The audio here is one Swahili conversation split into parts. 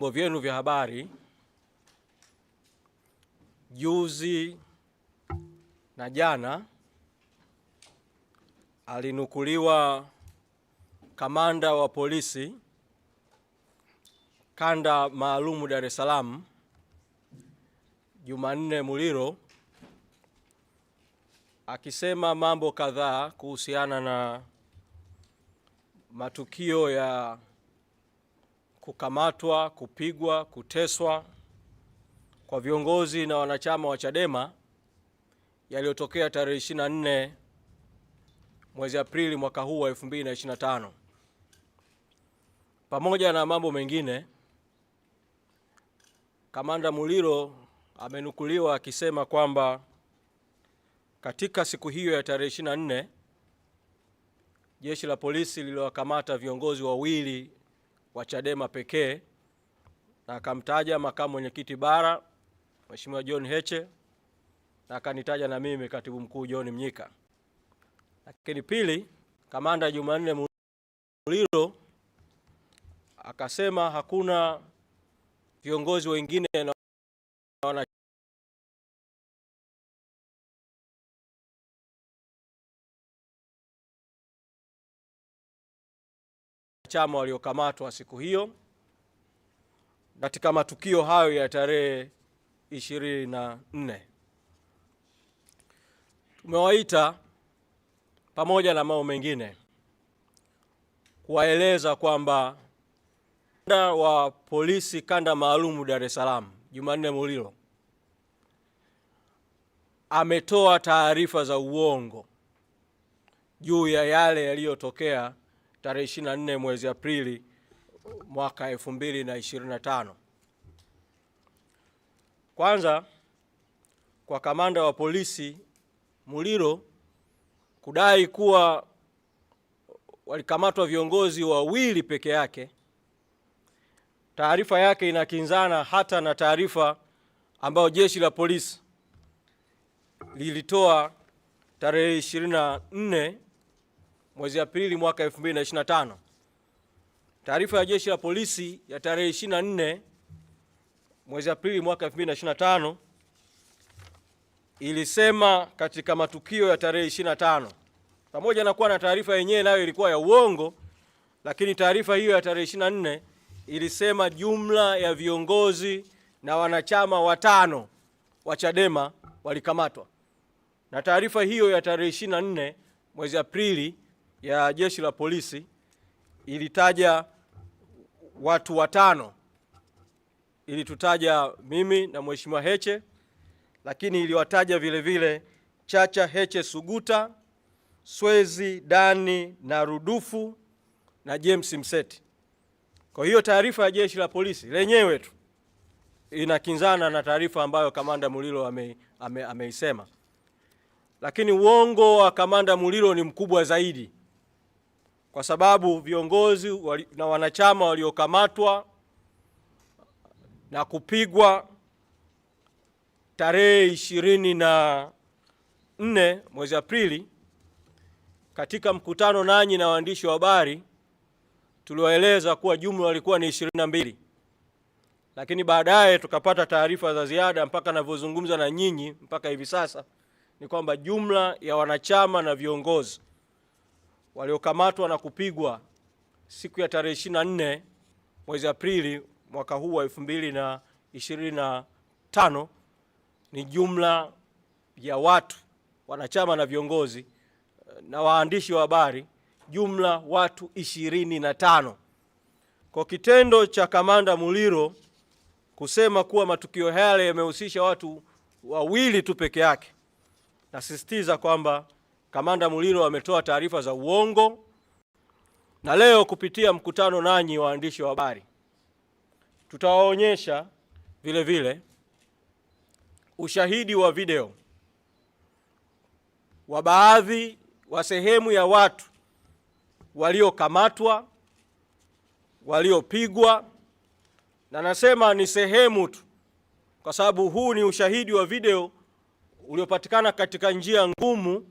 vyombo vyenu vya habari juzi na jana alinukuliwa kamanda wa polisi kanda maalumu Dar es Salaam Jumanne Muliro akisema mambo kadhaa kuhusiana na matukio ya kukamatwa, kupigwa, kuteswa kwa viongozi na wanachama wa Chadema yaliyotokea tarehe 24 mwezi Aprili mwaka huu wa 2025. Pamoja na mambo mengine, Kamanda Muliro amenukuliwa akisema kwamba katika siku hiyo ya tarehe 24 jeshi la polisi liliwakamata viongozi wawili wa Chadema pekee, na akamtaja makamu mwenyekiti bara Mheshimiwa John Heche na akanitaja na mimi katibu mkuu John Mnyika. Lakini pili, kamanda Jumanne Muliro akasema hakuna viongozi wengine na wanachama waliokamatwa siku hiyo katika matukio hayo ya tarehe 24. Tumewaita pamoja na mambo mengine kuwaeleza kwamba kanda wa polisi kanda maalum Dar es Salaam Jumanne Mulilo ametoa taarifa za uongo juu ya yale yaliyotokea tarehe 24 mwezi Aprili mwaka 2025. Kwanza, kwa kamanda wa polisi Muliro kudai kuwa walikamatwa viongozi wawili peke yake, taarifa yake inakinzana hata na taarifa ambayo jeshi la polisi lilitoa tarehe 24 mwezi Aprili mwaka 2025. Taarifa ya Jeshi la Polisi ya tarehe 24 mwezi Aprili mwaka 2025 ilisema katika matukio ya tarehe 25, pamoja na kuwa na taarifa yenyewe nayo ilikuwa ya uongo, lakini taarifa hiyo ya tarehe 24 ilisema jumla ya viongozi na wanachama watano wa Chadema walikamatwa, na taarifa hiyo ya tarehe 24 mwezi Aprili ya jeshi la polisi ilitaja watu watano, ilitutaja mimi na Mheshimiwa Heche, lakini iliwataja vile vile Chacha Heche Suguta, Swezi Dani na Rudufu na James Mseti. Kwa hiyo taarifa ya jeshi la polisi lenyewe tu inakinzana na taarifa ambayo kamanda Mulilo ameisema ame, ame, lakini uongo wa kamanda Mulilo ni mkubwa zaidi kwa sababu viongozi na wanachama waliokamatwa na kupigwa tarehe ishirini na nne mwezi Aprili katika mkutano nanyi na waandishi wa habari tuliwaeleza kuwa jumla walikuwa ni ishirini na mbili, lakini baadaye tukapata taarifa za ziada mpaka navyozungumza na nyinyi mpaka hivi sasa ni kwamba jumla ya wanachama na viongozi waliokamatwa na kupigwa siku ya tarehe 24 mwezi Aprili mwaka huu wa 2025 ni jumla ya watu wanachama na viongozi na waandishi wa habari jumla watu ishirini na tano. Kwa kitendo cha kamanda Muliro kusema kuwa matukio yale yamehusisha watu wawili tu peke yake, nasisitiza kwamba Kamanda Muliro ametoa taarifa za uongo, na leo kupitia mkutano nanyi waandishi wa habari tutawaonyesha vile vile ushahidi wa video wa baadhi wa sehemu ya watu waliokamatwa, waliopigwa, na nasema ni sehemu tu, kwa sababu huu ni ushahidi wa video uliopatikana katika njia ngumu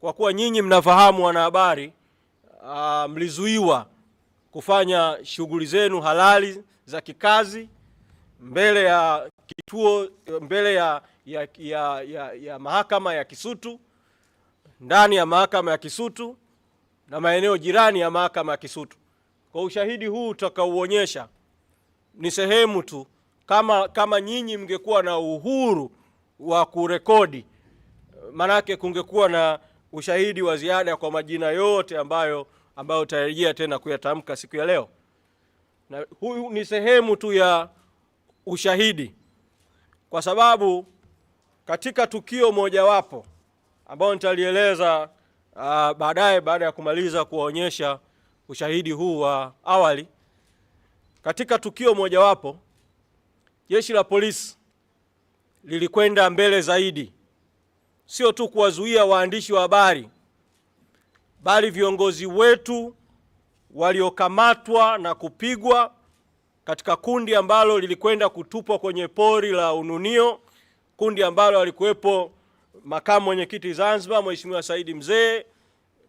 kwa kuwa nyinyi mnafahamu wanahabari, uh, mlizuiwa kufanya shughuli zenu halali za kikazi mbele ya kituo mbele ya, ya, ya, ya, ya mahakama ya Kisutu ndani ya mahakama ya Kisutu na maeneo jirani ya mahakama ya Kisutu. Kwa ushahidi huu utakaoonyesha ni sehemu tu, kama, kama nyinyi mngekuwa na uhuru wa kurekodi, maanake kungekuwa na ushahidi wa ziada kwa majina yote ambayo ambayo utarejea tena kuyatamka siku ya leo, na huyu ni sehemu tu ya ushahidi, kwa sababu katika tukio mojawapo ambayo nitalieleza uh, baadaye baada ya kumaliza kuwaonyesha ushahidi huu wa awali, katika tukio mojawapo jeshi la polisi lilikwenda mbele zaidi sio tu kuwazuia waandishi wa habari, bali viongozi wetu waliokamatwa na kupigwa katika kundi ambalo lilikwenda kutupwa kwenye pori la Ununio, kundi ambalo alikuwepo makamu mwenyekiti Zanzibar Mheshimiwa Saidi Mzee,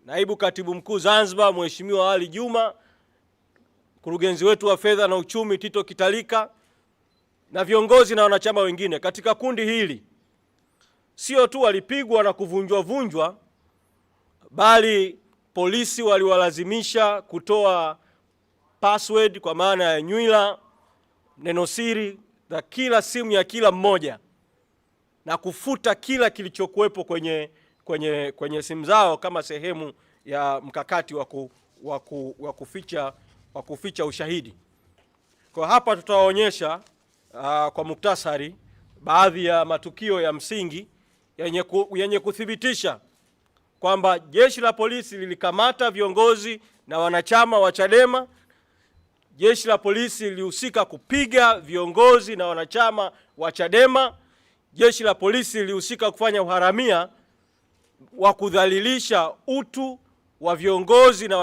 naibu katibu mkuu Zanzibar Mheshimiwa Ali Juma, mkurugenzi wetu wa fedha na uchumi Tito Kitalika na viongozi na wanachama wengine katika kundi hili sio tu walipigwa na kuvunjwa vunjwa, bali polisi waliwalazimisha kutoa password kwa maana ya nywila, neno siri za kila simu ya kila mmoja na kufuta kila kilichokuwepo kwenye, kwenye, kwenye simu zao kama sehemu ya mkakati wa waku, waku, wakuficha, kuficha ushahidi. Kwa hapa tutawaonyesha uh, kwa muktasari baadhi ya matukio ya msingi yenye, ku, yenye kuthibitisha kwamba jeshi la polisi lilikamata viongozi na wanachama wa Chadema. Jeshi la polisi lilihusika kupiga viongozi na wanachama wa Chadema. Jeshi la polisi lilihusika kufanya uharamia wa kudhalilisha utu wa viongozi na wanachama